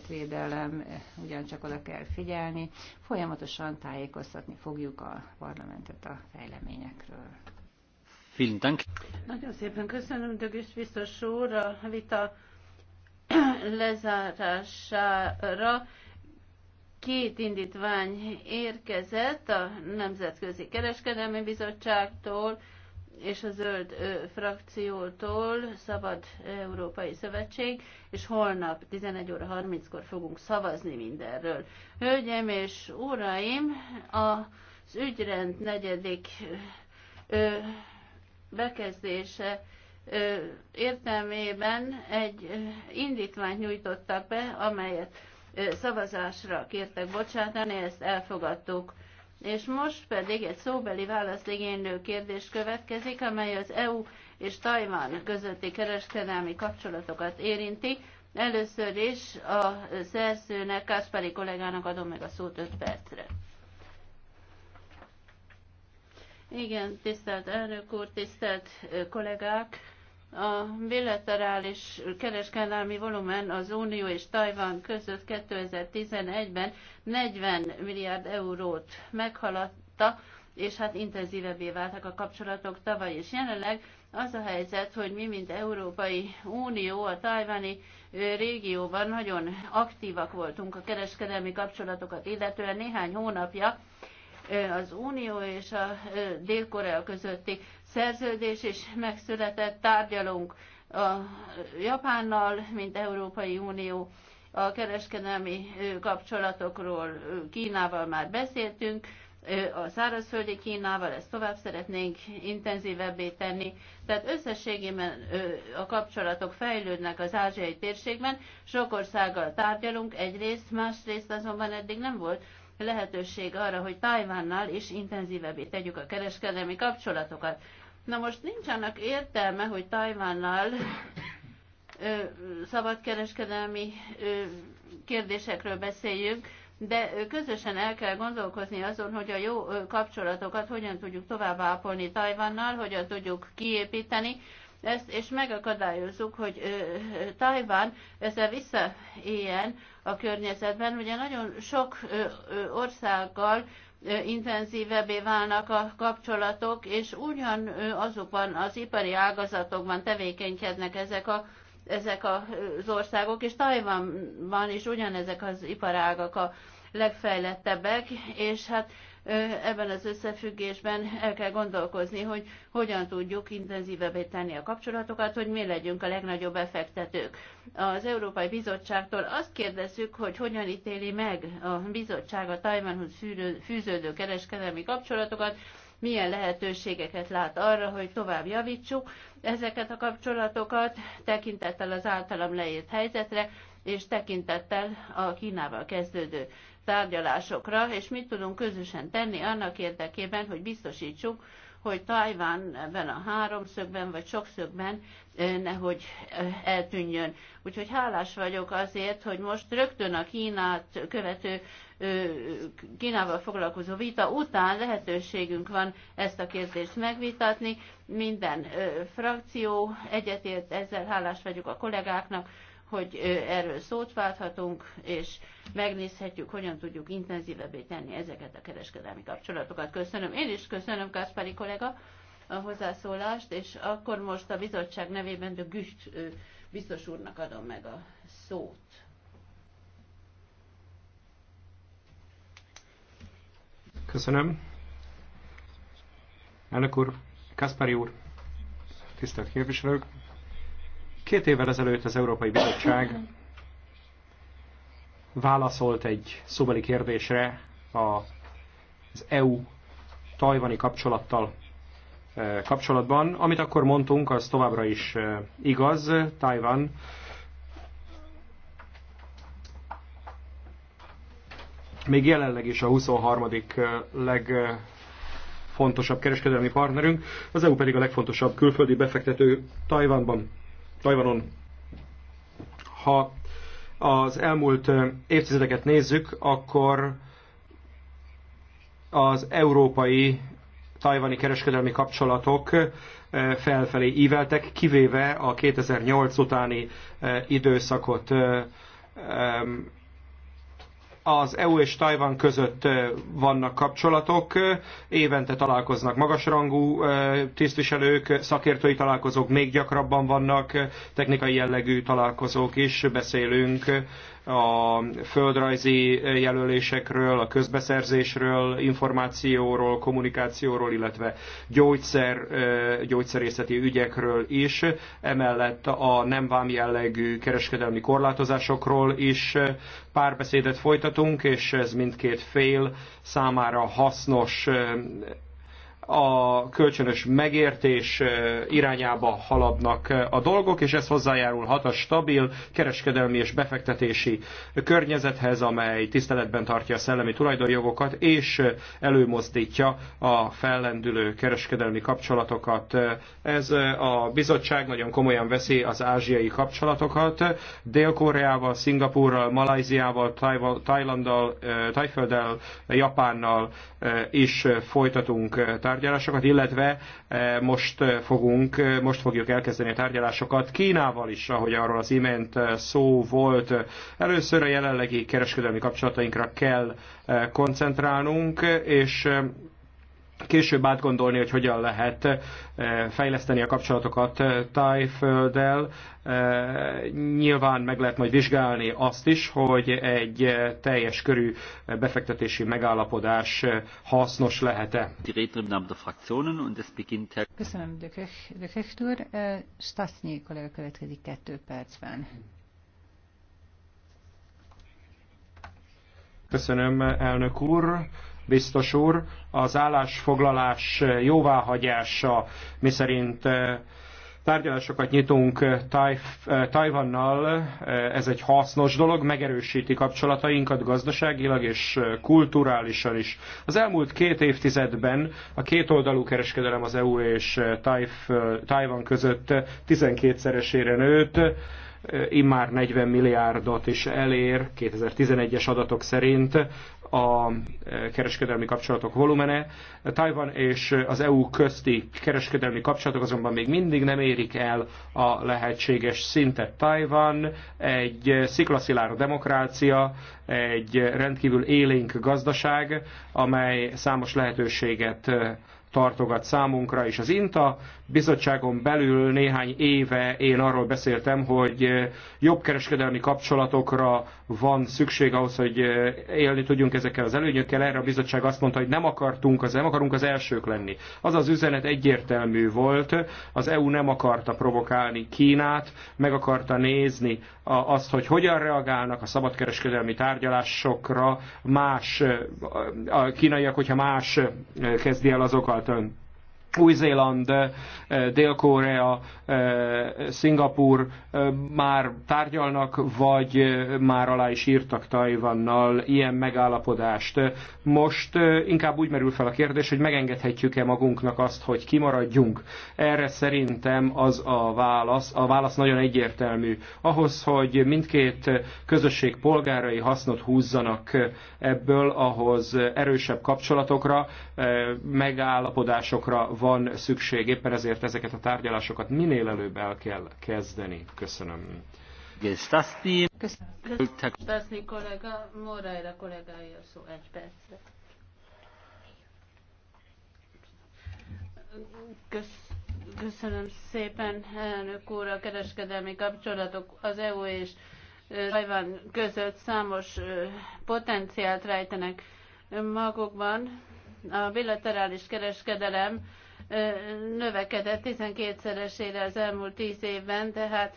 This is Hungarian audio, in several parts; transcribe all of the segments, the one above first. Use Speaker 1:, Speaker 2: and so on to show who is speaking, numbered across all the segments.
Speaker 1: környezetvédelem, ugyancsak oda kell figyelni. Folyamatosan tájékoztatni fogjuk a parlamentet a fejleményekről.
Speaker 2: Nagyon szépen köszönöm, Dögös biztos úr, a vita lezárására két indítvány érkezett a Nemzetközi Kereskedelmi Bizottságtól, és a zöld frakciótól Szabad Európai Szövetség, és holnap 11 óra 30-kor fogunk szavazni mindenről. Hölgyem és uraim, az ügyrend negyedik bekezdése értelmében egy indítványt nyújtottak be, amelyet szavazásra kértek bocsátani, ezt elfogadtuk. És most pedig egy szóbeli választ igénylő kérdés következik, amely az EU és Tajvan közötti kereskedelmi kapcsolatokat érinti. Először is a szerzőnek, Kászpári kollégának adom meg a szót 5 percre. Igen, tisztelt elnök úr, tisztelt kollégák! A bilaterális kereskedelmi volumen az Unió és Tajvan között 2011-ben 40 milliárd eurót meghaladta, és hát intenzívebbé váltak a kapcsolatok tavaly is. Jelenleg az a helyzet, hogy mi, mint Európai Unió, a tajvani régióban nagyon aktívak voltunk a kereskedelmi kapcsolatokat, illetően néhány hónapja az Unió és a Dél-Korea közötti szerződés és megszületett, tárgyalunk a Japánnal, mint Európai Unió a kereskedelmi kapcsolatokról Kínával már beszéltünk, a szárazföldi Kínával, ezt tovább szeretnénk intenzívebbé tenni. Tehát összességében a kapcsolatok fejlődnek az ázsiai térségben, sok országgal tárgyalunk egyrészt, másrészt azonban eddig nem volt lehetőség arra, hogy Tajvánnal is intenzívebbé tegyük a kereskedelmi kapcsolatokat. Na most nincs annak értelme, hogy Tajvánnal szabadkereskedelmi kérdésekről beszéljünk, de közösen el kell gondolkozni azon, hogy a jó kapcsolatokat hogyan tudjuk tovább ápolni Tajvannal, hogyan tudjuk kiépíteni ezt, és megakadályozzuk, hogy Tajván ezzel visszaéljen a környezetben. Ugye nagyon sok országgal intenzívebbé válnak a kapcsolatok, és ugyan azokban az ipari ágazatokban tevékenykednek ezek a ezek az országok, és Tajvanban is ugyanezek az iparágak a legfejlettebbek, és hát ebben az összefüggésben el kell gondolkozni, hogy hogyan tudjuk intenzívebbé tenni a kapcsolatokat, hogy mi legyünk a legnagyobb befektetők. Az Európai Bizottságtól azt kérdezzük, hogy hogyan ítéli meg a bizottság a Tajvanhoz fűződő kereskedelmi kapcsolatokat, milyen lehetőségeket lát arra, hogy tovább javítsuk ezeket a kapcsolatokat, tekintettel az általam leírt helyzetre, és tekintettel a Kínával kezdődő tárgyalásokra, és mit tudunk közösen tenni annak érdekében, hogy biztosítsuk, hogy Tajván ebben a háromszögben vagy sokszögben nehogy eltűnjön. Úgyhogy hálás vagyok azért, hogy most rögtön a Kínát követő Kínával foglalkozó vita után lehetőségünk van ezt a kérdést megvitatni. Minden frakció egyetért ezzel, hálás vagyok a kollégáknak, hogy erről szót válthatunk, és megnézhetjük, hogyan tudjuk intenzívebbé tenni ezeket a kereskedelmi kapcsolatokat. Köszönöm. Én is köszönöm, Kászpári kollega, a hozzászólást, és akkor most a bizottság nevében de Güst biztos úrnak adom meg a szót.
Speaker 3: Köszönöm. Elnök úr, Kaspari úr, tisztelt képviselők, Két évvel ezelőtt az Európai Bizottság válaszolt egy szóbeli kérdésre az EU tajvani kapcsolattal e, kapcsolatban. Amit akkor mondtunk, az továbbra is e, igaz. Tajvan még jelenleg is a 23. E, legfontosabb kereskedelmi partnerünk, az EU pedig a legfontosabb külföldi befektető Tajvanban. Tajvanon. Ha az elmúlt évtizedeket nézzük, akkor az európai tajvani kereskedelmi kapcsolatok felfelé íveltek, kivéve a 2008 utáni időszakot az EU és Tajvan között vannak kapcsolatok, évente találkoznak magasrangú tisztviselők, szakértői találkozók még gyakrabban vannak, technikai jellegű találkozók is, beszélünk a földrajzi jelölésekről, a közbeszerzésről, információról, kommunikációról, illetve gyógyszer, gyógyszerészeti ügyekről is, emellett a nem vám jellegű kereskedelmi korlátozásokról is párbeszédet folytatunk, és ez mindkét fél számára hasznos a kölcsönös megértés eh, irányába haladnak eh, a dolgok, és ez hozzájárulhat a stabil kereskedelmi és befektetési környezethez, amely tiszteletben tartja a szellemi tulajdonjogokat, és eh, előmozdítja a fellendülő kereskedelmi kapcsolatokat. Ez a bizottság nagyon komolyan veszi az ázsiai kapcsolatokat. Dél-Koreával, Szingapúrral, Malajziával, Tajlanddal, Tajfölddel, Japánnal is folytatunk tárgyalásokat tárgyalásokat, illetve eh, most, eh, fogunk, eh, most fogjuk elkezdeni a tárgyalásokat Kínával is, ahogy arról az imént szó volt. Először a jelenlegi kereskedelmi kapcsolatainkra kell koncentrálnunk, és később átgondolni, hogy hogyan lehet eh, fejleszteni a kapcsolatokat eh, Tájfölddel. Eh, nyilván meg lehet majd vizsgálni azt is, hogy egy teljes körű befektetési megállapodás hasznos lehet-e.
Speaker 1: Köszönöm, de úr. Stasznyi kollega következik kettő percben.
Speaker 3: Köszönöm, elnök úr biztos úr. Az állásfoglalás jóváhagyása, miszerint eh, tárgyalásokat nyitunk eh, eh, Tajvannal, ez egy hasznos dolog, megerősíti kapcsolatainkat gazdaságilag és kulturálisan is. Az elmúlt két évtizedben a kétoldalú kereskedelem az EU és Tajvan között 12-szeresére nőtt, immár 40 milliárdot is elér, 2011-es adatok szerint a e, kereskedelmi kapcsolatok volumene. Tajvan és az EU közti kereskedelmi kapcsolatok azonban még mindig nem érik el a lehetséges szintet. Tajvan egy sziklaszilárd demokrácia, egy rendkívül élénk gazdaság, amely számos lehetőséget tartogat számunkra, és az INTA bizottságon belül néhány éve én arról beszéltem, hogy eh, jobb kereskedelmi kapcsolatokra van szükség ahhoz, hogy eh, élni tudjunk ezekkel az előnyökkel. Erre a bizottság azt mondta, hogy nem akartunk, az nem akarunk az elsők lenni. Az az üzenet egyértelmű volt, az EU nem akarta provokálni Kínát, meg akarta nézni azt, hogy hogyan reagálnak a szabadkereskedelmi tárgyalásokra más eh, a kínaiak, hogyha más kezdi el azokat új-Zéland, eh, eh, Dél-Korea, eh, Szingapur már tárgyalnak, vagy már alá is írtak Tajvannal ilyen megállapodást. Most inkább úgy merül fel a kérdés, hogy megengedhetjük-e magunknak azt, hogy kimaradjunk. Erre szerintem az a válasz, a válasz nagyon egyértelmű. Ahhoz, hogy mindkét közösség polgárai hasznot húzzanak ebből, ahhoz erősebb kapcsolatokra, megállapodásokra van szükség, éppen ezért ezeket a tárgyalásokat minél előbb el kell kezdeni. Köszönöm. Köszönöm.
Speaker 2: Köszönöm. kollega, Moraira kollégája szó egy percre. Köszönöm szépen, elnök úr, a kereskedelmi kapcsolatok az EU és Tajvan között számos potenciált rejtenek magukban. A bilaterális kereskedelem növekedett 12-szeresére az elmúlt 10 évben, tehát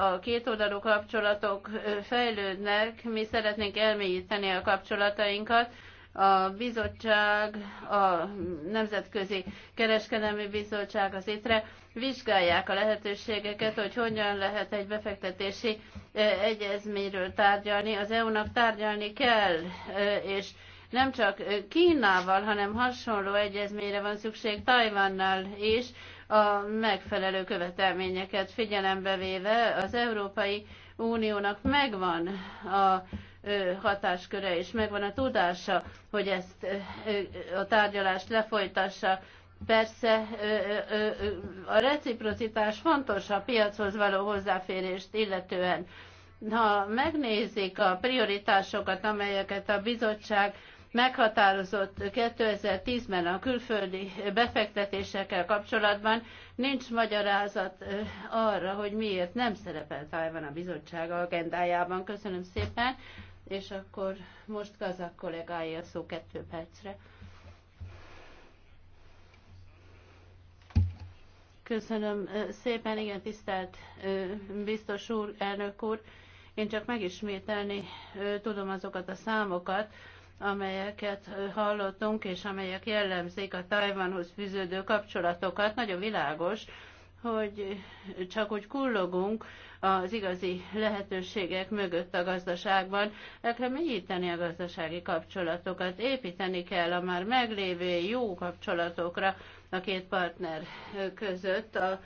Speaker 2: a kétoldalú kapcsolatok fejlődnek, mi szeretnénk elmélyíteni a kapcsolatainkat, a bizottság, a Nemzetközi Kereskedelmi Bizottság, az ITRE vizsgálják a lehetőségeket, hogy hogyan lehet egy befektetési egyezményről tárgyalni. Az EU-nak tárgyalni kell, és nem csak Kínával, hanem hasonló egyezményre van szükség Tajvannal is, a megfelelő követelményeket figyelembe véve az Európai Uniónak megvan a hatásköre és megvan a tudása, hogy ezt a tárgyalást lefolytassa. Persze a reciprocitás fontos a piachoz való hozzáférést illetően. Ha megnézik a prioritásokat, amelyeket a bizottság meghatározott 2010-ben a külföldi befektetésekkel kapcsolatban, nincs magyarázat arra, hogy miért nem szerepel Tajvan a bizottság agendájában. Köszönöm szépen, és akkor most Kazak kollégája szó kettő percre. Köszönöm szépen, igen, tisztelt biztos úr, elnök úr. Én csak megismételni tudom azokat a számokat, amelyeket hallottunk, és amelyek jellemzik a Tajvanhoz fűződő kapcsolatokat. Nagyon világos, hogy csak úgy kullogunk az igazi lehetőségek mögött a gazdaságban, el kell mélyíteni a gazdasági kapcsolatokat, építeni kell a már meglévő jó kapcsolatokra a két partner között. A,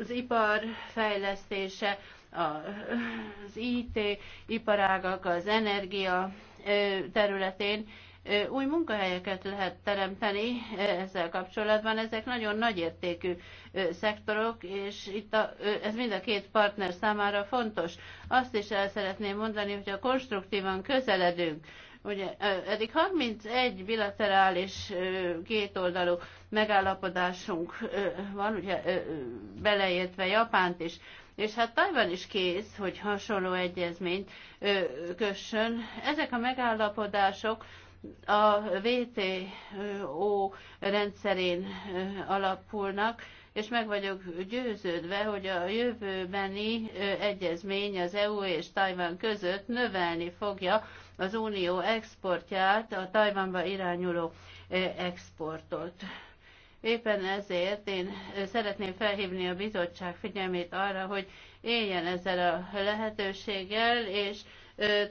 Speaker 2: az ipar fejlesztése, az IT iparágak, az energia, területén új munkahelyeket lehet teremteni ezzel kapcsolatban. Ezek nagyon nagyértékű szektorok, és itt a, ez mind a két partner számára fontos. Azt is el szeretném mondani, hogy a konstruktívan közeledünk Ugye eddig 31 bilaterális kétoldalú megállapodásunk van, ugye beleértve Japánt is. És hát Tajvan is kész, hogy hasonló egyezményt kössön. Ezek a megállapodások a WTO rendszerén alapulnak, és meg vagyok győződve, hogy a jövőbeni egyezmény az EU és Tajvan között növelni fogja az unió exportját, a Tajvanba irányuló exportot. Éppen ezért én szeretném felhívni a bizottság figyelmét arra, hogy éljen ezzel a lehetőséggel, és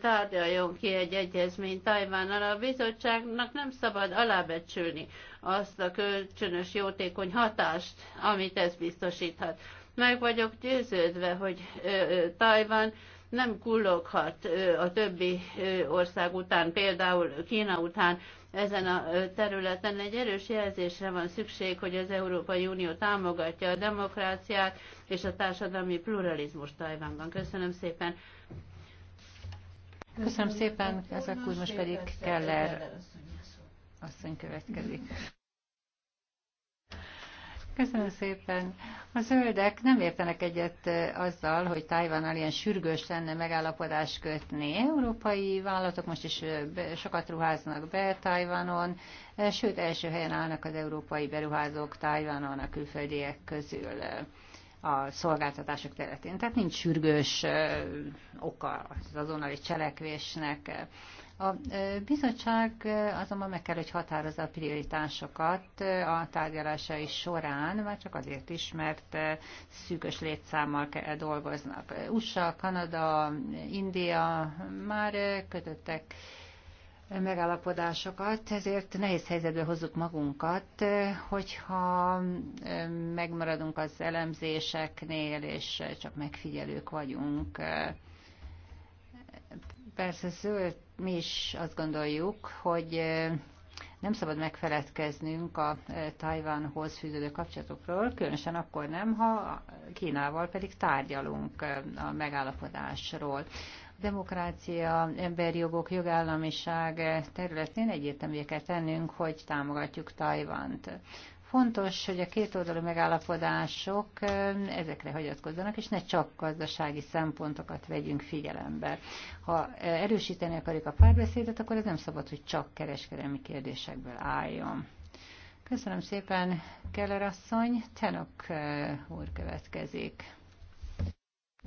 Speaker 2: tárgyaljon ki egy egyezményt Tajvánnal. A bizottságnak nem szabad alábecsülni azt a kölcsönös jótékony hatást, amit ez biztosíthat. Meg vagyok győződve, hogy Tajván nem kulloghat a többi ország után, például Kína után ezen a területen. Egy erős jelzésre van szükség, hogy az Európai Unió támogatja a demokráciát és a társadalmi pluralizmus Tajvánban. Köszönöm szépen.
Speaker 1: Köszönöm szépen, ezek úr, most pedig Keller asszony következik. Köszönöm szépen. A zöldek nem értenek egyet azzal, hogy Tajvannal ilyen sürgős lenne megállapodás kötni. Európai vállalatok most is sokat ruháznak be Tajvanon, sőt első helyen állnak az európai beruházók Tajvanon a külföldiek közül a szolgáltatások területén. Tehát nincs sürgős oka az azonnali cselekvésnek. A bizottság azonban meg kell, hogy határozza a prioritásokat a tárgyalásai során, már csak azért is, mert szűkös létszámmal dolgoznak. USA, Kanada, India már kötöttek megállapodásokat, ezért nehéz helyzetbe hozzuk magunkat, hogyha megmaradunk az elemzéseknél, és csak megfigyelők vagyunk. Persze zöld mi is azt gondoljuk, hogy nem szabad megfeledkeznünk a Tajvánhoz fűződő kapcsolatokról, különösen akkor nem, ha Kínával pedig tárgyalunk a megállapodásról. A demokrácia, emberjogok, jogállamiság területén egyértelműeket tennünk, hogy támogatjuk Tajvant. Fontos, hogy a kétoldalú megállapodások ezekre hagyatkozzanak, és ne csak gazdasági szempontokat vegyünk figyelembe. Ha erősíteni akarjuk a párbeszédet, akkor ez nem szabad, hogy csak kereskedelmi kérdésekből álljon. Köszönöm szépen, Keller asszony. Tenok úr
Speaker 3: következik.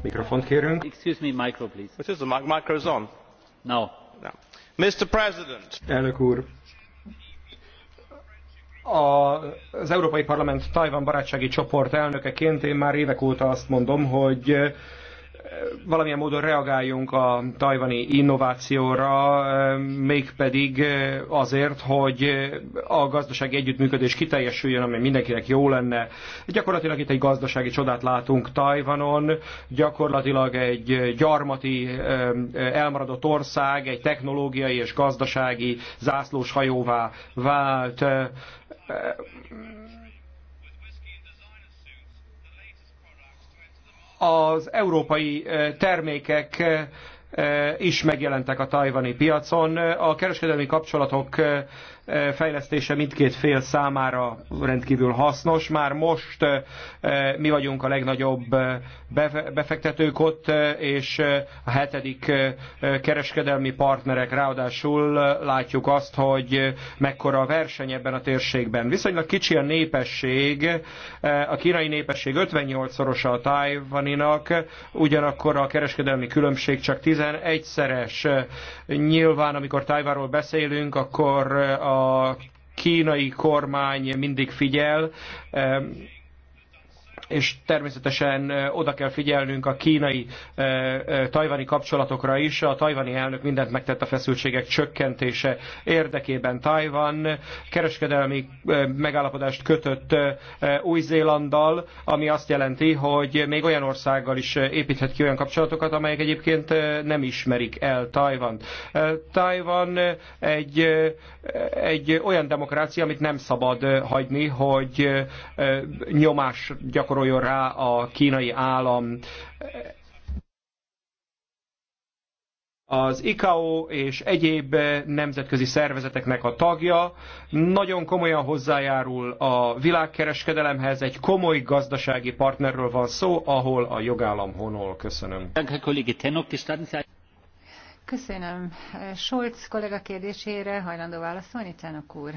Speaker 3: Mikrofont kérünk. Excuse me, micro please. What is the mic? Micro's on. No. no. Mr. President. Elnök úr, a, az Európai Parlament Tajvan barátsági csoport elnökeként én már évek óta azt mondom, hogy valamilyen módon reagáljunk a tajvani innovációra, eh, mégpedig eh, azért, hogy eh, a gazdasági együttműködés kiteljesüljön, ami mindenkinek jó lenne. Gyakorlatilag itt egy gazdasági csodát látunk Tajvanon, gyakorlatilag egy gyarmati elmaradott ország, egy technológiai és gazdasági zászlós hajóvá vált az európai termékek is megjelentek a tajvani piacon. A kereskedelmi kapcsolatok fejlesztése mindkét fél számára rendkívül hasznos. Már most mi vagyunk a legnagyobb befektetők ott, és a hetedik kereskedelmi partnerek ráadásul látjuk azt, hogy mekkora a verseny ebben a térségben. Viszonylag kicsi a népesség, a kínai népesség 58-szorosa a tájvaninak, ugyanakkor a kereskedelmi különbség csak 11-szeres. Nyilván, amikor Tájváról beszélünk, akkor a a kínai kormány mindig figyel és természetesen oda kell figyelnünk a kínai tajvani kapcsolatokra is. A tajvani elnök mindent megtett a feszültségek csökkentése érdekében. Tajvan kereskedelmi megállapodást kötött Új-Zélanddal, ami azt jelenti, hogy még olyan országgal is építhet ki olyan kapcsolatokat, amelyek egyébként nem ismerik el Tajvant. Tajvan egy, egy olyan demokrácia, amit nem szabad hagyni, hogy nyomás gyakorol gyakoroljon rá a kínai állam. Az ICAO és egyéb nemzetközi szervezeteknek a tagja nagyon komolyan hozzájárul a világkereskedelemhez, egy komoly gazdasági partnerről van szó, ahol a jogállam honol. Köszönöm.
Speaker 1: Köszönöm. Scholz kollega kérdésére hajlandó válaszolni, Tánok úr?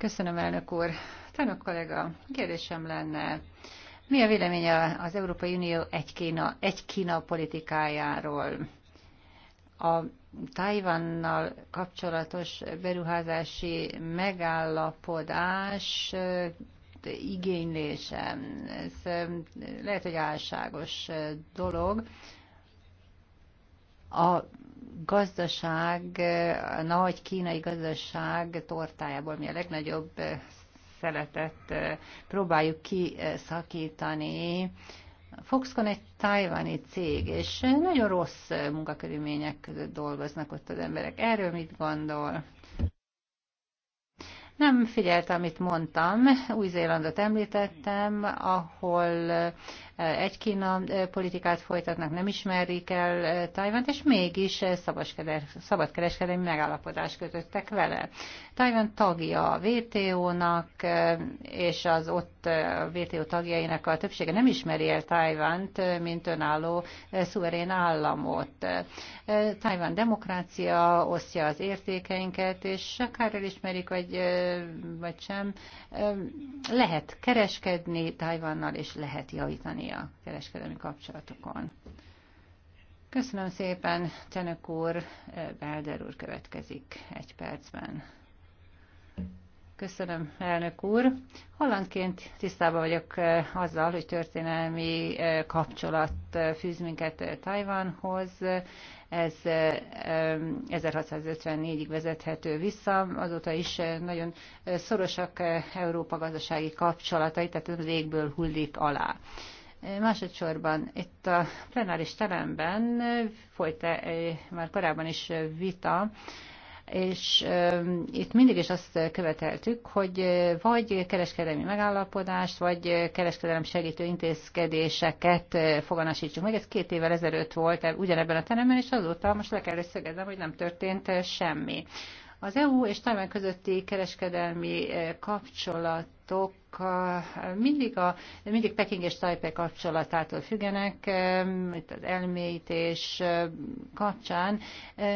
Speaker 1: Köszönöm, elnök úr. Tanok kollega, kérdésem lenne. Mi a véleménye az Európai Unió egy Kína, egy Kína politikájáról? A Tajvannal kapcsolatos beruházási megállapodás eh, igénylése, ez eh, lehet, hogy álságos eh, dolog. A gazdaság, a nagy kínai gazdaság tortájából mi a legnagyobb szeletet próbáljuk kiszakítani. Foxconn egy tajvani cég, és nagyon rossz munkakörülmények között dolgoznak ott az emberek. Erről mit gondol? Nem figyeltem, amit mondtam. Új-Zélandot említettem, ahol egy Kína politikát folytatnak, nem ismerik el Tajvant, és mégis szabadkereskedelmi megállapodást kötöttek vele. Tajvan tagja a WTO-nak, és az ott a WTO tagjainak a többsége nem ismeri el Tajvant, mint önálló szuverén államot. Tajvan demokrácia osztja az értékeinket, és akár elismerik, vagy, vagy sem, lehet kereskedni Tajvannal, és lehet javítani a kereskedelmi kapcsolatokon. Köszönöm szépen, Tenök úr, Belder úr következik egy percben. Köszönöm, elnök úr. Hollandként tisztában vagyok eh, azzal, hogy történelmi eh, kapcsolat eh, fűz minket Tajvanhoz. Ez 1654-ig vezethető vissza, azóta is nagyon szorosak Európa gazdasági kapcsolatai, tehát az égből hullik alá. Másodszorban itt a plenáris teremben folyt eh, már korábban is vita, és eh, itt mindig is azt követeltük, hogy eh, vagy kereskedelmi megállapodást, vagy kereskedelem segítő intézkedéseket foganasítsuk meg. Ez két évvel ezelőtt volt ugyanebben a teremben, és azóta most le kell szögeznem, hogy nem történt semmi. Az EU és Tajván közötti kereskedelmi kapcsolatok mindig, a, mindig Peking és Taipei kapcsolatától függenek, itt az elmélyítés kapcsán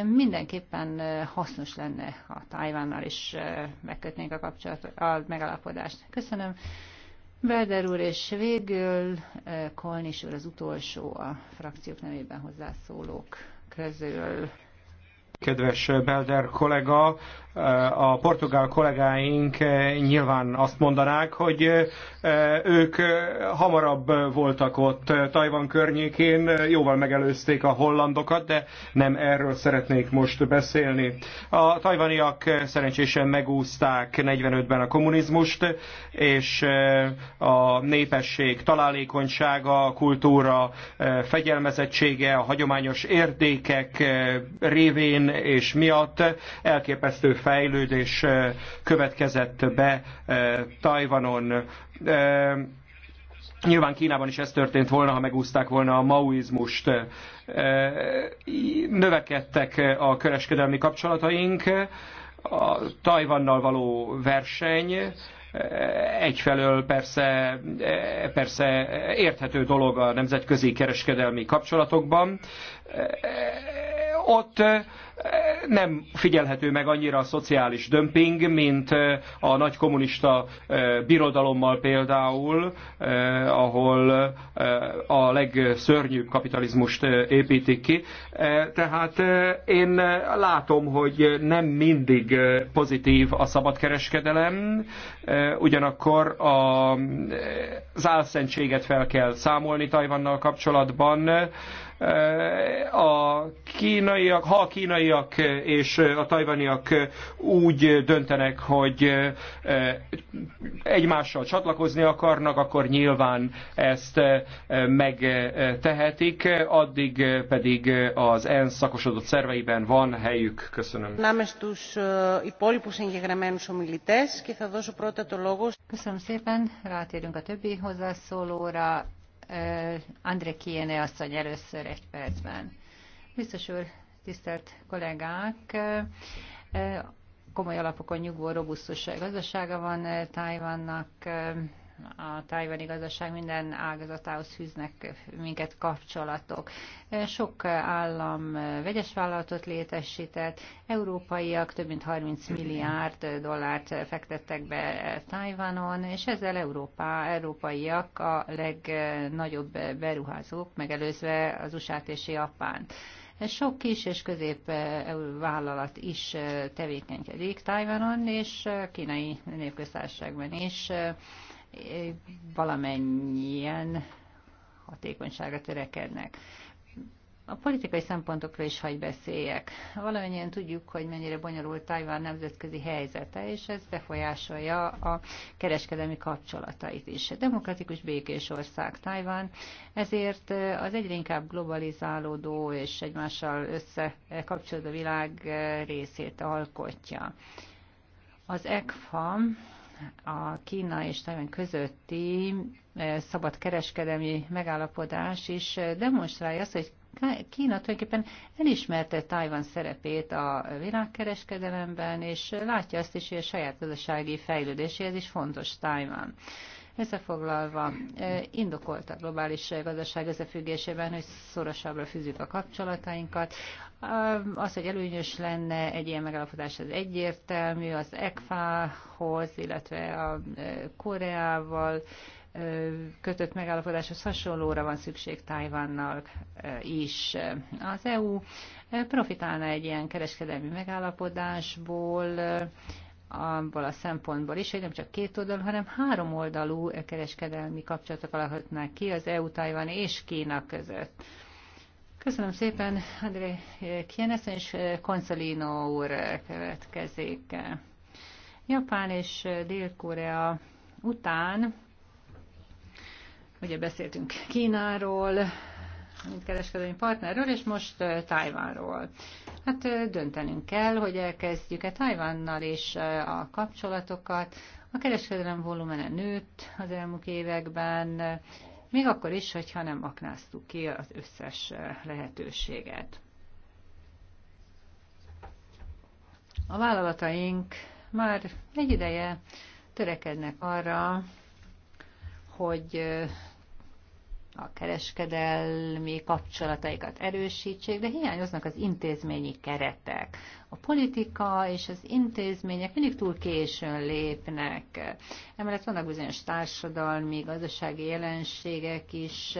Speaker 1: mindenképpen hasznos lenne, ha Tajvánnal is megkötnénk a, kapcsolat, a megalapodást. Köszönöm. Belder úr, és végül Kolnis úr az utolsó a frakciók nevében hozzászólók közül
Speaker 3: kedves Belder kollega, a portugál kollégáink nyilván azt mondanák, hogy ők hamarabb voltak ott Tajvan környékén, jóval megelőzték a hollandokat, de nem erről szeretnék most beszélni. A tajvaniak szerencsésen megúzták 45-ben a kommunizmust, és a népesség találékonysága, a kultúra fegyelmezettsége, a hagyományos értékek révén és miatt elképesztő fejlődés következett be Tajvanon. Nyilván Kínában is ez történt volna, ha megúzták volna a maoizmust. Növekedtek a kereskedelmi kapcsolataink, a Tajvannal való verseny, egyfelől persze, persze érthető dolog a nemzetközi kereskedelmi kapcsolatokban. Ott nem figyelhető meg annyira a szociális dömping, mint a nagy kommunista birodalommal például, ahol a legszörnyűbb kapitalizmust építik ki. Tehát én látom, hogy nem mindig pozitív a szabadkereskedelem, ugyanakkor az álszentséget fel kell számolni Tajvannal kapcsolatban, a kínaiak, ha a kínaiak és a tajvaniak úgy döntenek, hogy egymással csatlakozni akarnak, akkor nyilván ezt megtehetik, addig pedig az ENSZ szakosodott szerveiben van helyük. Köszönöm.
Speaker 1: Köszönöm szépen, rátérünk a többi hozzászólóra. André Kiene asszony először egy percben. Biztos úr, tisztelt kollégák, komoly alapokon nyugvó robusztus gazdasága van Tájvannak, a tájvani gazdaság minden ágazatához hűznek minket kapcsolatok. Sok állam vegyes vállalatot létesített, európaiak több mint 30 milliárd dollárt fektettek be Tájvanon, és ezzel Európa, európaiak a legnagyobb beruházók, megelőzve az usa és Japánt. Sok kis és közép vállalat is tevékenykedik Tájvanon, és kínai népköztársaságban is valamennyien hatékonyságra törekednek. A politikai szempontokról is hagy beszéljek. Valamennyien tudjuk, hogy mennyire bonyolult Tajván nemzetközi helyzete, és ez befolyásolja a kereskedelmi kapcsolatait is. Demokratikus békés ország Tajván, ezért az egyre inkább globalizálódó és egymással összekapcsolódó világ részét alkotja. Az ECFAM a Kína és Tajvan közötti eh, szabad kereskedelmi megállapodás is eh, demonstrálja azt, hogy Kína tulajdonképpen elismerte Tajvan szerepét a világkereskedelemben, és látja azt is, hogy a saját gazdasági fejlődéséhez is fontos Tajvan. Összefoglalva, indokolt a globális gazdaság összefüggésében, hogy szorosabbra fűzzük a kapcsolatainkat. Az, hogy előnyös lenne egy ilyen megállapodás, az egyértelmű, az ECFA-hoz, illetve a Koreával, kötött megállapodáshoz hasonlóra van szükség Tajvannal is. Az EU profitálna egy ilyen kereskedelmi megállapodásból, abból a szempontból is, hogy nem csak két oldal, hanem három oldalú kereskedelmi kapcsolatok alakulnak ki az EU, Tajvan és Kína között. Köszönöm szépen, André Kienesz és Konszolino úr következik. Japán és Dél-Korea után, ugye beszéltünk Kínáról, mint kereskedelmi partnerről, és most Tajvánról. Hát döntenünk kell, hogy elkezdjük-e Tajvánnal és a kapcsolatokat. A kereskedelem volumene nőtt az elmúlt években, még akkor is, hogyha nem aknáztuk ki az összes lehetőséget. A vállalataink már egy ideje törekednek arra, hogy a kereskedelmi kapcsolataikat erősítsék, de hiányoznak az intézményi keretek. A politika és az intézmények mindig túl későn lépnek. Emellett vannak bizonyos társadalmi, gazdasági jelenségek is,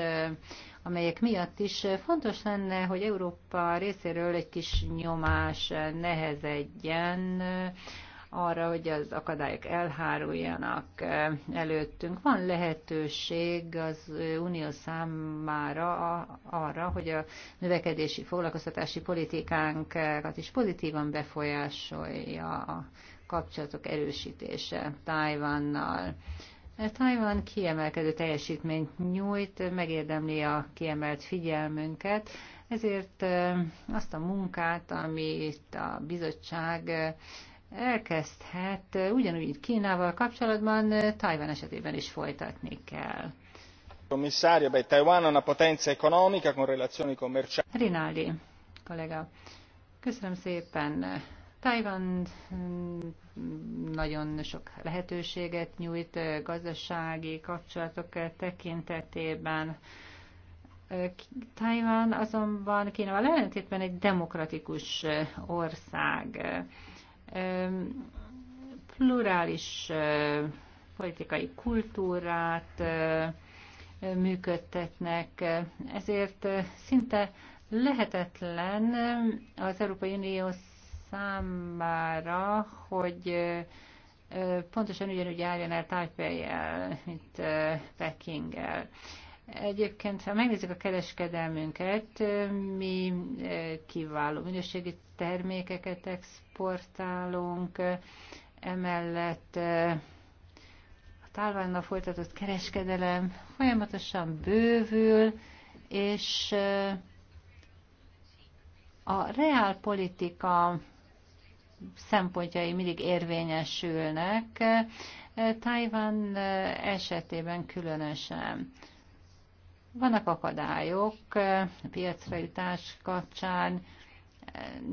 Speaker 1: amelyek miatt is fontos lenne, hogy Európa részéről egy kis nyomás nehezedjen arra, hogy az akadályok elháruljanak előttünk. Van lehetőség az unió számára arra, hogy a növekedési foglalkoztatási politikánkat is pozitívan befolyásolja a kapcsolatok erősítése Tajvannal. Tajvan kiemelkedő teljesítményt nyújt, megérdemli a kiemelt figyelmünket, ezért azt a munkát, amit a bizottság elkezdhet ugyanúgy mint Kínával kapcsolatban, Tajvan esetében is folytatni kell.
Speaker 3: Commissario, beh, Taiwan una potenza economica con relazioni commerciali. Rinaldi,
Speaker 1: collega, köszönöm szépen. Taiwan mm, nagyon sok lehetőséget nyújt gazdasági kapcsolatok tekintetében. Taiwan azonban Kínával ellentétben egy demokratikus ország plurális politikai kultúrát működtetnek, ezért szinte lehetetlen az Európai Unió számára, hogy pontosan ugyanúgy álljon el Taipei-el, mint Pekinggel. Egyébként, ha megnézzük a kereskedelmünket, mi kiváló minőségi termékeket exportálunk, emellett a tálványnal folytatott kereskedelem folyamatosan bővül, és a reálpolitika szempontjai mindig érvényesülnek, Tajvan esetében különösen. Vannak akadályok a piacra jutás kapcsán,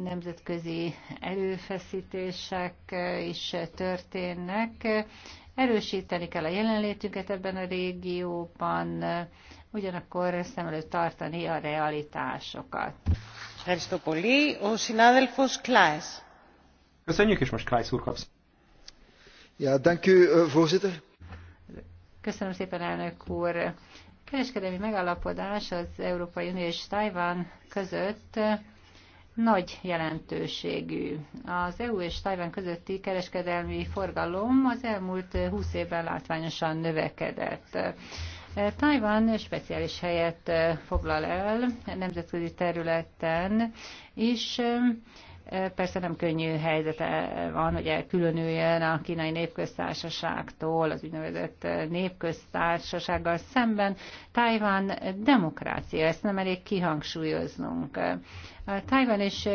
Speaker 1: nemzetközi előfeszítések is történnek. Erősíteni kell a jelenlétünket ebben a régióban, ugyanakkor szem előtt tartani a realitásokat.
Speaker 3: Köszönjük, és most Klaes úr kapsz. Ja, thank you, uh, voorzitter.
Speaker 1: Köszönöm szépen, elnök úr. Kereskedelmi megállapodás az Európai Unió és Tajván között nagy jelentőségű. Az EU és Tajván közötti kereskedelmi forgalom az elmúlt 20 évben látványosan növekedett. Tajvan speciális helyet foglal el nemzetközi területen, és E, persze nem könnyű helyzete van, hogy elkülönüljön a kínai népköztársaságtól, az úgynevezett e, népköztársasággal szemben. Tájván demokrácia, ezt nem elég kihangsúlyoznunk. Tájván és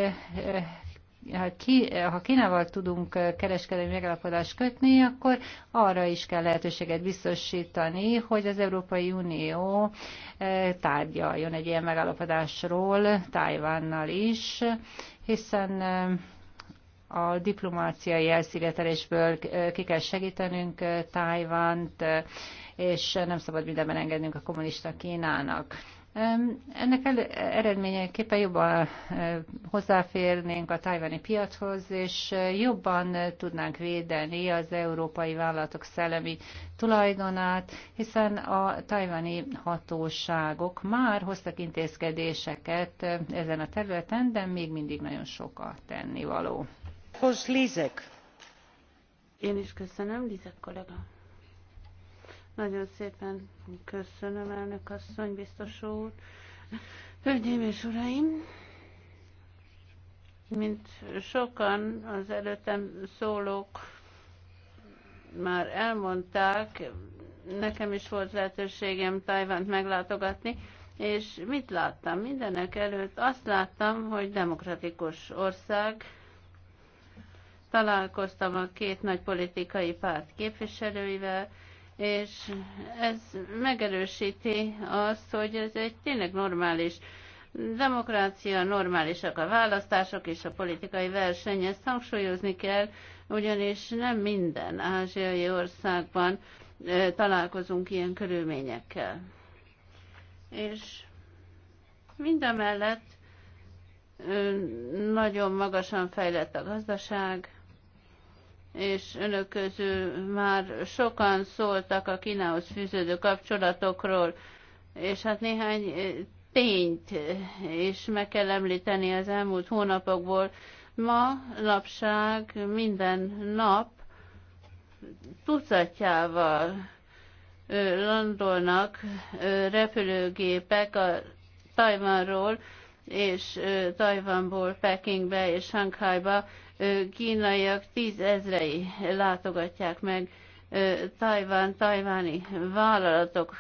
Speaker 1: ha Kínával tudunk eh, kereskedelmi megállapodást kötni, akkor arra is kell lehetőséget biztosítani, hogy az Európai Unió eh, tárgyaljon egy ilyen megállapodásról Tájvánnal is, hiszen eh, a diplomáciai elszigetelésből ki kell segítenünk Tájvánt, és nem szabad mindenben engednünk a kommunista Kínának. Ennek eredményeképpen jobban hozzáférnénk a tajvani piachoz, és jobban tudnánk védeni az európai vállalatok szellemi tulajdonát, hiszen a tajvani hatóságok már hoztak intézkedéseket ezen a területen, de még mindig nagyon sok a tennivaló. Én
Speaker 2: is köszönöm, Lizek kollega. Nagyon szépen köszönöm, elnök asszony, biztos úr. Hölgyeim és uraim, mint sokan az előttem szólók már elmondták, nekem is volt lehetőségem Tajvant meglátogatni, és mit láttam? Mindenek előtt azt láttam, hogy demokratikus ország. Találkoztam a két nagy politikai párt képviselőivel, és ez megerősíti azt, hogy ez egy tényleg normális demokrácia, normálisak a választások és a politikai verseny, ezt hangsúlyozni kell, ugyanis nem minden ázsiai országban találkozunk ilyen körülményekkel. És mindemellett nagyon magasan fejlett a gazdaság, és önök közül már sokan szóltak a Kínához fűződő kapcsolatokról, és hát néhány eh, tényt eh, is meg kell említeni az elmúlt hónapokból. Ma lapság minden nap tucatjával landolnak repülőgépek a Tajvanról és Tajvanból Pekingbe és Shanghaiba, kínaiak tízezrei látogatják meg Tajván, tajváni vállalatok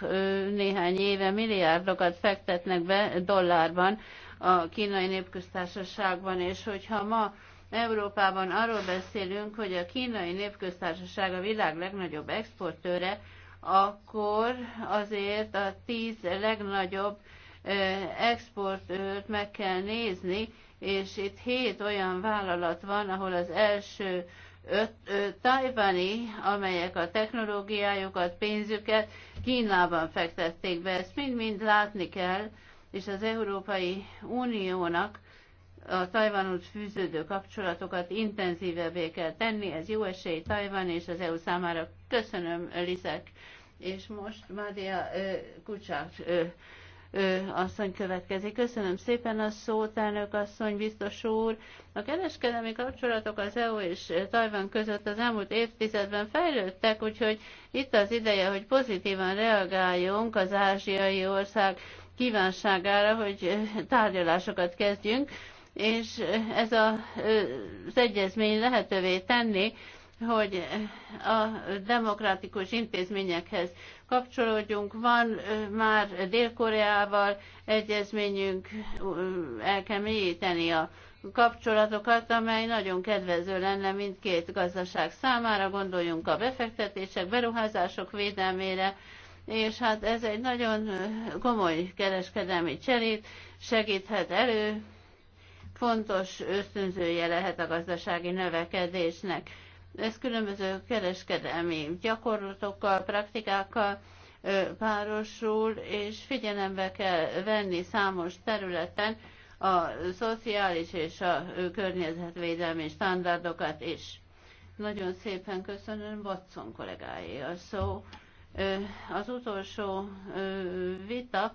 Speaker 2: néhány éve milliárdokat fektetnek be dollárban a kínai népköztársaságban, és hogyha ma Európában arról beszélünk, hogy a kínai népköztársaság a világ legnagyobb exportőre, akkor azért a tíz legnagyobb exportőrt meg kell nézni, és itt hét olyan vállalat van, ahol az első öt, öt tajvani, amelyek a technológiájukat, pénzüket Kínában fektették be. Ezt mind-mind látni kell, és az Európai Uniónak a Tajvanhoz fűződő kapcsolatokat intenzívebbé kell tenni. Ez jó esély Tajvan és az EU számára. Köszönöm, Lizek. És most Mádia Kucsák asszony következik. Köszönöm szépen a szót, elnök asszony, biztos úr. A kereskedelmi kapcsolatok az EU és Tajvan között az elmúlt évtizedben fejlődtek, úgyhogy itt az ideje, hogy pozitívan reagáljunk az ázsiai ország kívánságára, hogy tárgyalásokat kezdjünk, és ez az egyezmény lehetővé tenni, hogy a demokratikus intézményekhez kapcsolódjunk. Van már Dél-Koreával egyezményünk, el kell mélyíteni a kapcsolatokat, amely nagyon kedvező lenne mindkét gazdaság számára, gondoljunk a befektetések, beruházások védelmére, és hát ez egy nagyon komoly kereskedelmi cserét segíthet elő, fontos ösztönzője lehet a gazdasági növekedésnek ez különböző kereskedelmi gyakorlatokkal, praktikákkal párosul, és figyelembe kell venni számos területen a szociális és a környezetvédelmi standardokat is. Nagyon szépen köszönöm Watson kollégáé a szó. Az utolsó vita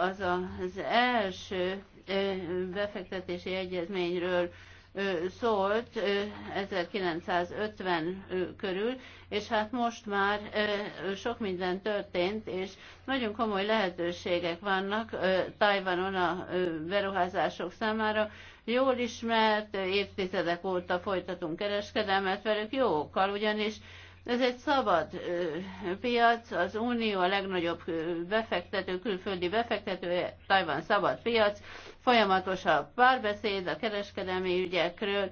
Speaker 2: az az első befektetési egyezményről szólt 1950 körül, és hát most már sok minden történt, és nagyon komoly lehetőségek vannak Tajvanon a beruházások számára. Jól ismert, évtizedek óta folytatunk kereskedelmet velük, jókkal ugyanis, ez egy szabad piac, az Unió a legnagyobb befektető, külföldi befektetője, Tajvan szabad piac, folyamatosabb párbeszéd a kereskedelmi ügyekről,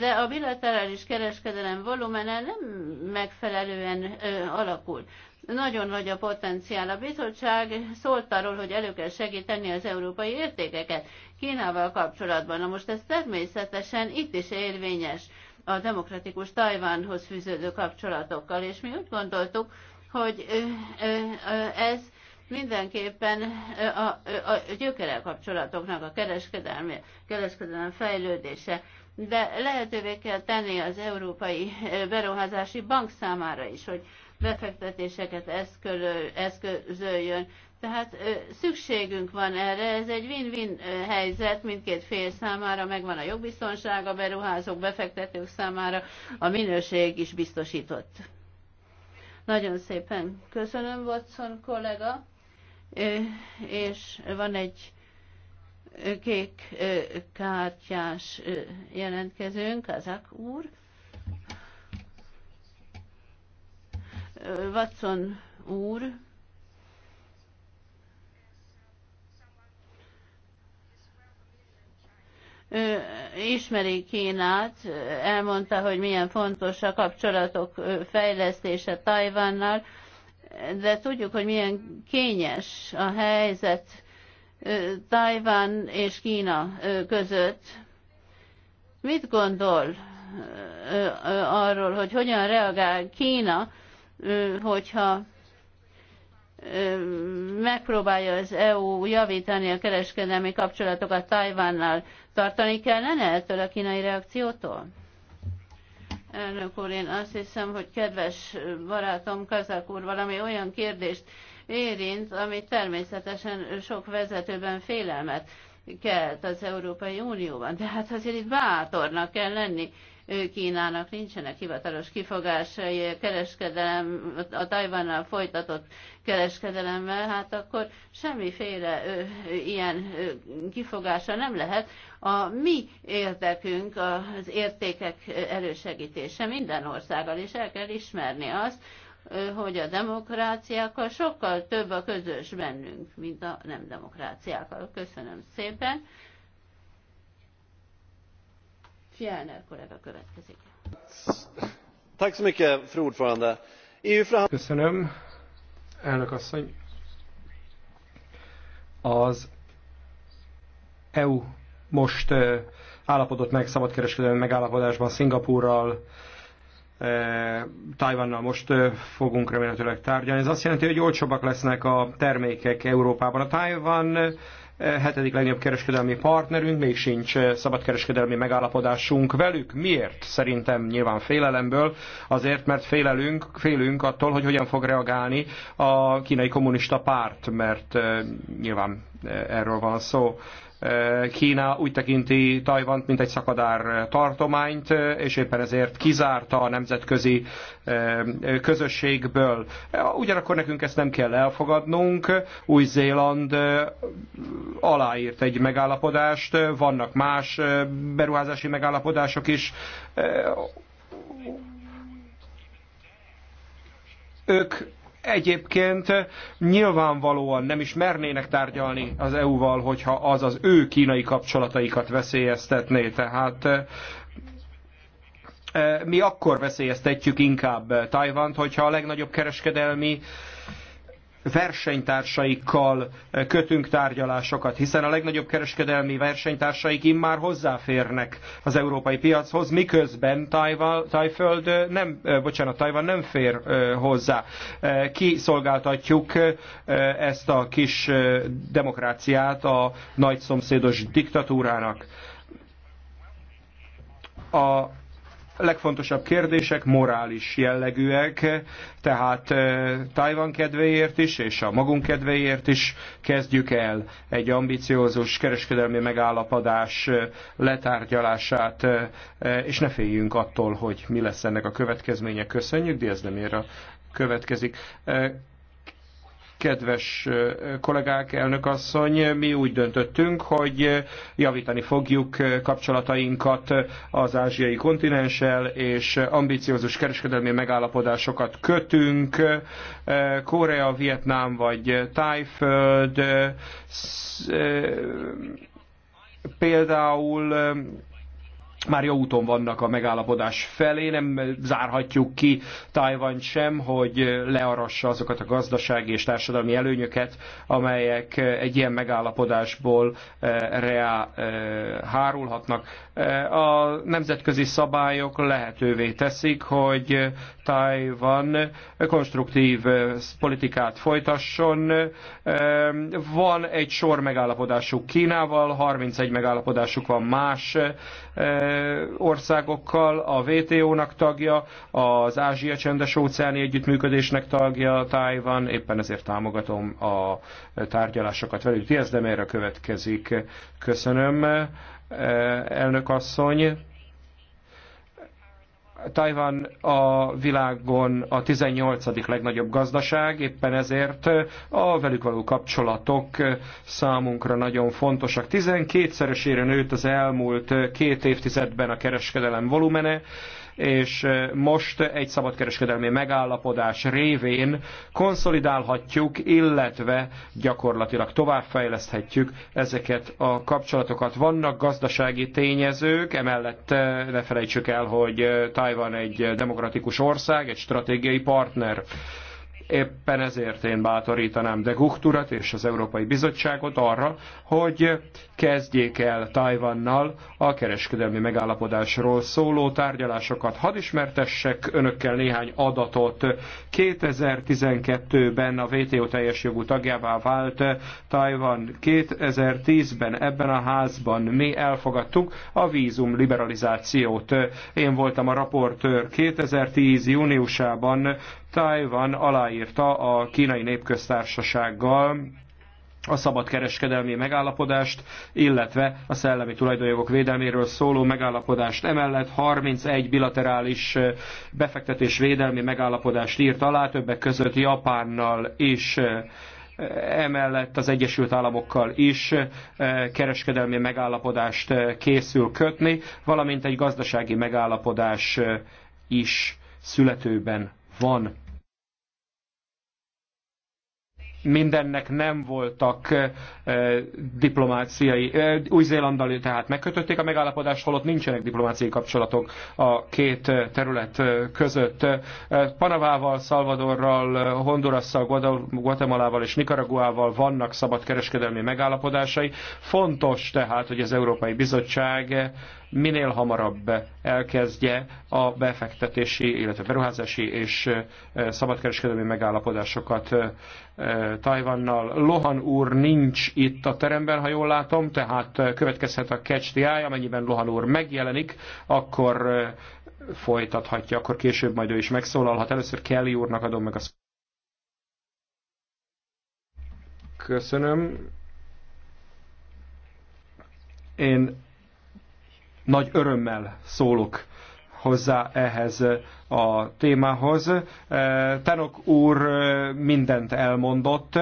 Speaker 2: de a bilaterális kereskedelem volumene nem megfelelően ö, alakul. Nagyon nagy a potenciál. A bizottság szólt arról, hogy elő kell segíteni az európai értékeket Kínával kapcsolatban. Na most ez természetesen itt is érvényes a demokratikus Tajvánhoz fűződő kapcsolatokkal, és mi úgy gondoltuk, hogy ez mindenképpen a, a gyökere kapcsolatoknak a kereskedelmi, kereskedelem fejlődése, de lehetővé kell tenni az Európai Beruházási Bank számára is, hogy befektetéseket eszkölő, eszközöljön. Tehát szükségünk van erre, ez egy win-win helyzet mindkét fél számára, megvan a jogbiztonság a beruházók, befektetők számára, a minőség is biztosított. Nagyon szépen köszönöm, Watson kollega és van egy kék kártyás jelentkezőnk, Kazak úr. Watson úr, ő ismeri Kínát, elmondta, hogy milyen fontos a kapcsolatok fejlesztése Tajvannal, de tudjuk, hogy milyen kényes a helyzet Tajván és Kína között. Mit gondol arról, hogy hogyan reagál Kína, hogyha megpróbálja az EU javítani a kereskedelmi kapcsolatokat Tajvánnal, tartani kellene ettől a kínai reakciótól? Elnök úr, én azt hiszem, hogy kedves barátom Kazak úr valami olyan kérdést érint, ami természetesen sok vezetőben félelmet kelt az Európai Unióban. De hát azért itt bátornak kell lenni. Kínának nincsenek hivatalos kifogásai, kereskedelem, a Tajvannal folytatott kereskedelemmel, hát akkor semmiféle ö, ilyen ö, kifogása nem lehet. A mi érdekünk az értékek elősegítése minden országgal, és el kell ismerni azt, hogy a demokráciákkal sokkal több a közös bennünk, mint a nem demokráciákkal. Köszönöm szépen. Fjellner
Speaker 3: kollega következik. E Köszönöm elnök asszony. Az EU most állapodott meg szabadkereskedelmi megállapodásban Szingapúrral, Tajvannal most fogunk remélhetőleg tárgyalni. Ez azt jelenti, hogy olcsóbbak lesznek a termékek Európában. A Tajvan hetedik legnagyobb kereskedelmi partnerünk, még sincs eh, szabadkereskedelmi megállapodásunk velük. Miért? Szerintem nyilván félelemből, azért, mert félelünk, félünk attól, hogy hogyan fog reagálni a kínai kommunista párt, mert eh, nyilván eh, erről van szó. Kína úgy tekinti Tajvant, mint egy szakadár tartományt, és éppen ezért kizárta a nemzetközi eh, közösségből. Ugyanakkor nekünk ezt nem kell elfogadnunk. Új-Zéland eh, aláírt egy megállapodást, vannak más eh, beruházási megállapodások is ők egyébként nyilvánvalóan nem is mernének tárgyalni az EU-val, hogyha az az ő kínai kapcsolataikat veszélyeztetné. Tehát eh, mi akkor veszélyeztetjük inkább Tajvant, hogyha a legnagyobb kereskedelmi versenytársaikkal eh, kötünk tárgyalásokat, hiszen a legnagyobb kereskedelmi versenytársaik immár hozzáférnek az európai piachoz, miközben Tajföld eh, nem, eh, bocsánat, Tajvan nem fér hozzá. Kiszolgáltatjuk ezt a kis demokráciát a nagy szomszédos diktatúrának. A legfontosabb kérdések morális jellegűek, tehát eh, Tajvan kedvéért is, és a magunk kedvéért is kezdjük el egy ambiciózus kereskedelmi megállapodás eh, letárgyalását, eh, és ne féljünk attól, hogy mi lesz ennek a következménye. Köszönjük, Diaz Demira következik. Kedves kollégák, elnökasszony, mi úgy döntöttünk, hogy javítani fogjuk kapcsolatainkat az ázsiai kontinenssel, és ambiciózus kereskedelmi megállapodásokat kötünk. Korea, Vietnám vagy Tájföld, például már jó úton vannak a megállapodás felé, nem zárhatjuk ki Tajvan sem, hogy learassa azokat a gazdasági és társadalmi előnyöket, amelyek egy ilyen megállapodásból eh, reá eh, hárulhatnak. Eh, a nemzetközi szabályok lehetővé teszik, hogy Tajvan konstruktív politikát folytasson. Van egy sor megállapodásuk Kínával, 31 megállapodásuk van más országokkal, a WTO-nak tagja, az Ázsia csendes óceáni együttműködésnek tagja Tájvan, éppen ezért támogatom a tárgyalásokat velük. Diaz Demére következik. Köszönöm, eh, elnök asszony. Tajvan a világon a 18. legnagyobb gazdaság, éppen ezért a velük való kapcsolatok számunkra nagyon fontosak. 12-szeresére nőtt az elmúlt két évtizedben a kereskedelem volumene, és most egy szabadkereskedelmi megállapodás révén konszolidálhatjuk, illetve gyakorlatilag továbbfejleszthetjük ezeket a kapcsolatokat. Vannak gazdasági tényezők, emellett ne felejtsük el, hogy Tajvan egy demokratikus ország, egy stratégiai partner. Éppen ezért én bátorítanám de Guchturat és az Európai Bizottságot arra, hogy kezdjék el Tajvannal a kereskedelmi megállapodásról szóló tárgyalásokat. Hadd ismertessek önökkel néhány adatot. 2012-ben a WTO teljes jogú tagjává vált Tajvan. 2010-ben ebben a házban mi elfogadtuk a vízum liberalizációt. Én voltam a raportőr. 2010 júniusában Taiwan aláírta a kínai népköztársasággal a szabadkereskedelmi megállapodást, illetve a szellemi tulajdonjogok védelméről szóló megállapodást. Emellett 31 bilaterális befektetés védelmi megállapodást írt alá, többek között Japánnal és emellett az Egyesült Államokkal is kereskedelmi megállapodást készül kötni, valamint egy gazdasági megállapodás is születőben van mindennek nem voltak diplomáciai, Új-Zélanddal tehát megkötötték a megállapodást, holott nincsenek diplomáciai kapcsolatok a két terület között. Panavával, Salvadorral, Hondurasszal, Guatemalával és Nicaraguával vannak szabadkereskedelmi megállapodásai. Fontos tehát, hogy az Európai Bizottság minél hamarabb elkezdje a befektetési, illetve beruházási és szabadkereskedelmi megállapodásokat Tajvannal. Lohan úr nincs itt a teremben, ha jól látom, tehát következhet a Catch the Eye, amennyiben Lohan úr megjelenik, akkor folytathatja, akkor később majd ő is megszólalhat. Először Kelly úrnak adom meg a szót. Köszönöm. Én nagy örömmel szólok hozzá ehhez a témához. Eh, Tenok úr eh, mindent elmondott,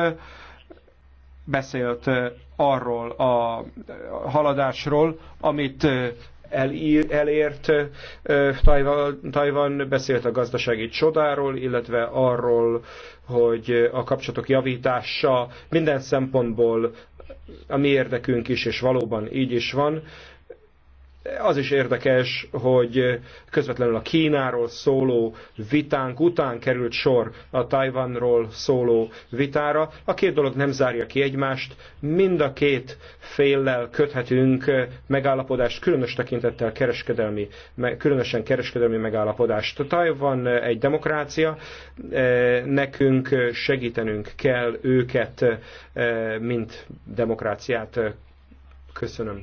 Speaker 3: beszélt eh, arról a haladásról, amit elért Tajvan, Tajvan, beszélt a gazdasági csodáról, illetve arról, hogy a kapcsolatok javítása minden szempontból a mi érdekünk is, és valóban így is van az is érdekes, hogy közvetlenül a Kínáról szóló vitánk után került sor a Tajvanról szóló vitára. A két dolog nem zárja ki egymást, mind a két féllel köthetünk megállapodást, különös tekintettel kereskedelmi, különösen kereskedelmi megállapodást. A Tajvan egy demokrácia, e, nekünk segítenünk kell őket, e, mint demokráciát. Köszönöm.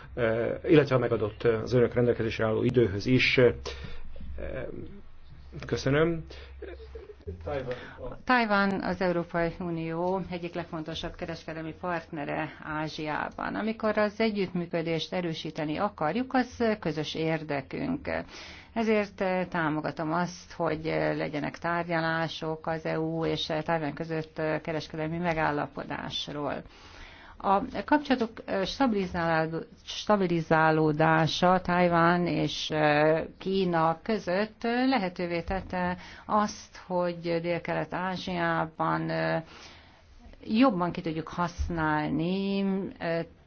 Speaker 3: Eh, illetve a megadott eh, az önök rendelkezésre álló időhöz is. Eh, köszönöm.
Speaker 1: Tajvan az Európai Unió egyik legfontosabb kereskedelmi partnere Ázsiában. Amikor az együttműködést erősíteni akarjuk, az közös érdekünk. Ezért támogatom azt, hogy legyenek tárgyalások az EU és Tajvan között kereskedelmi megállapodásról. A kapcsolatok stabilizálódása Tajván és Kína között lehetővé tette azt, hogy Dél-Kelet-Ázsiában jobban ki tudjuk használni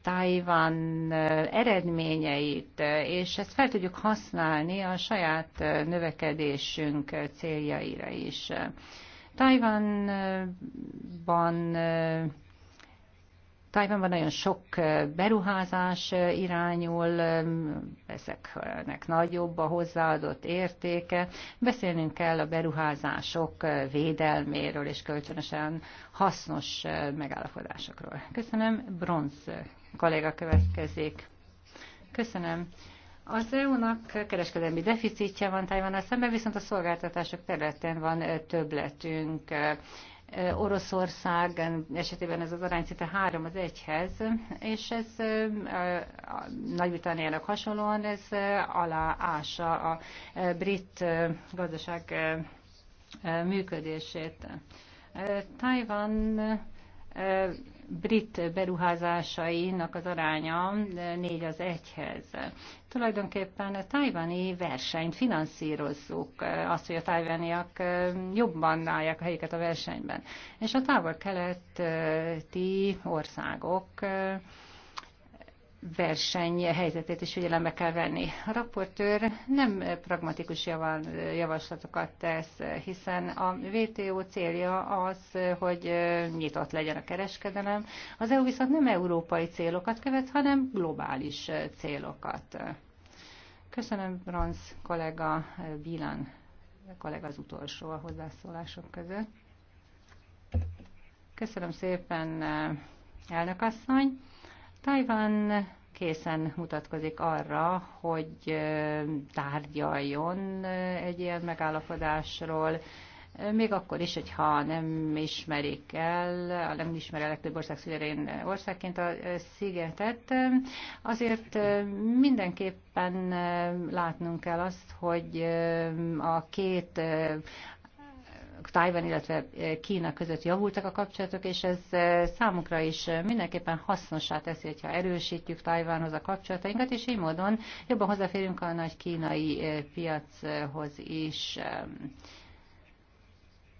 Speaker 1: Tajván eredményeit, és ezt fel tudjuk használni a saját növekedésünk céljaira is. Tajvanban Tájvanban nagyon sok beruházás irányul, ezeknek nagyobb a hozzáadott értéke. Beszélnünk kell a beruházások védelméről és kölcsönösen hasznos megállapodásokról. Köszönöm. Bronz kolléga következik. Köszönöm. Az EU-nak kereskedelmi deficitje van Tajvannal szemben, viszont a szolgáltatások területén van többletünk. Oroszország esetében ez az arány szinte három az egyhez, és ez Nagy-Britanniának hasonlóan ez aláása a brit gazdaság működését. Tajvan brit beruházásainak az aránya 4 az 1-hez. Tulajdonképpen a tajvani versenyt finanszírozzuk, azt, hogy a tajvaniak jobban állják a helyüket a versenyben. És a távol-keleti országok helyzetét is figyelembe kell venni. A raportőr nem pragmatikus javaslatokat tesz, hiszen a WTO célja az, hogy nyitott legyen a kereskedelem. Az EU viszont nem európai célokat követ, hanem globális célokat. Köszönöm, Bronz kollega Bilan kollega az utolsó a hozzászólások között. Köszönöm szépen, elnök asszony! Tajvan készen mutatkozik arra, hogy tárgyaljon egy ilyen megállapodásról, még akkor is, hogyha nem ismerik el, nem ismeri a legtöbb ország szuverén országként a szigetet, azért mindenképpen látnunk kell azt, hogy a két Tájván, illetve eh, Kína között javultak a kapcsolatok, és ez eh, számukra is eh, mindenképpen hasznosá teszi, hogyha erősítjük Tájvánhoz a kapcsolatainkat, és így módon jobban hozzáférünk a nagy kínai piachoz is.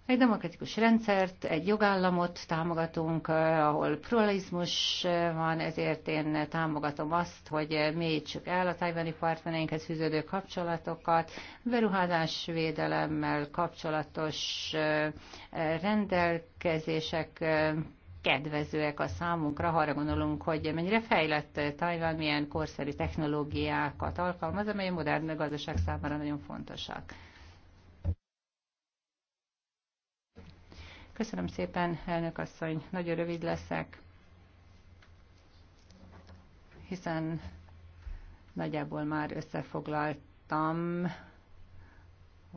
Speaker 1: Egy demokratikus rendszert, egy jogállamot támogatunk, eh, ahol pluralizmus eh, van, ezért én támogatom azt, hogy eh, mélyítsük el a tajvani partnereinkhez fűződő kapcsolatokat, beruházásvédelemmel kapcsolatos rendelkezések kedvezőek a számunkra, ha arra gondolunk, hogy mennyire fejlett Tajvan, milyen korszerű technológiákat alkalmaz, amely a modern gazdaság számára nagyon fontosak. Köszönöm szépen, elnök asszony, nagyon rövid leszek, hiszen nagyjából már összefoglaltam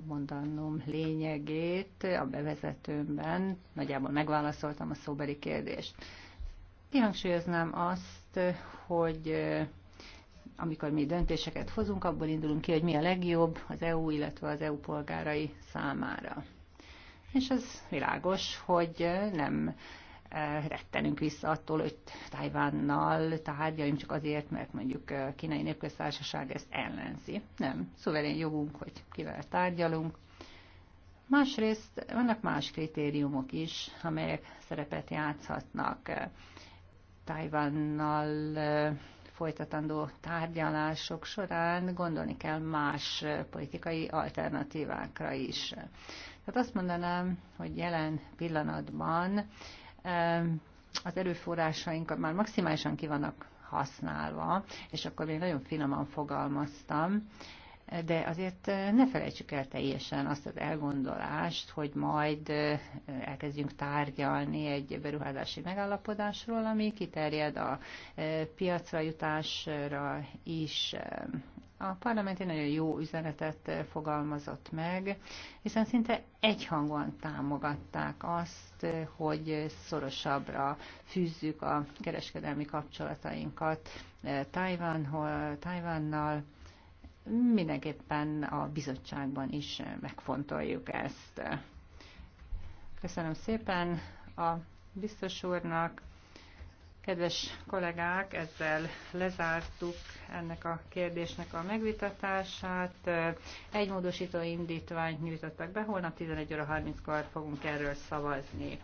Speaker 1: mondanom lényegét a bevezetőmben, nagyjából megválaszoltam a szóbeli kérdést. Kihangsúlyoznám azt, hogy amikor mi döntéseket hozunk, abból indulunk ki, hogy mi a legjobb az EU, illetve az EU polgárai számára és az világos, hogy nem eh, rettenünk vissza attól, hogy Tajvánnal tárgyaljunk csak azért, mert mondjuk eh, a kínai népköztársaság ezt ellenzi. Nem, szuverén szóval jogunk, hogy kivel tárgyalunk. Másrészt vannak más kritériumok is, amelyek szerepet játszhatnak. Eh, Tajvánnal folytatandó tárgyalások során gondolni kell más politikai alternatívákra is. Tehát azt mondanám, hogy jelen pillanatban az erőforrásaink már maximálisan ki vannak használva, és akkor még nagyon finoman fogalmaztam, de azért eh, ne felejtsük el teljesen azt az elgondolást, hogy majd eh, elkezdjünk tárgyalni egy beruházási megállapodásról, ami kiterjed a eh, piacra jutásra is a parlament egy nagyon jó üzenetet fogalmazott meg, hiszen szinte egyhangon támogatták azt, hogy szorosabbra fűzzük a kereskedelmi kapcsolatainkat eh, Tajvannal. Mindenképpen a bizottságban is megfontoljuk ezt. Köszönöm szépen a biztos úrnak. Kedves kollégák, ezzel lezártuk ennek a kérdésnek a megvitatását. Egy módosító indítványt nyújtottak be, holnap 11 óra 30-kor fogunk erről szavazni.